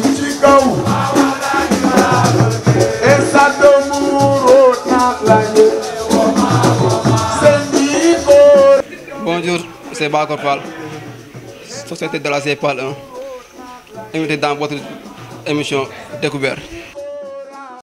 Chika ou, e sa domouro ta planye, woma woma, se mi gore Bonjour, se Ba Korpal, sosyete de la Zepal, imite dan bote emisyon Dekouber Müzik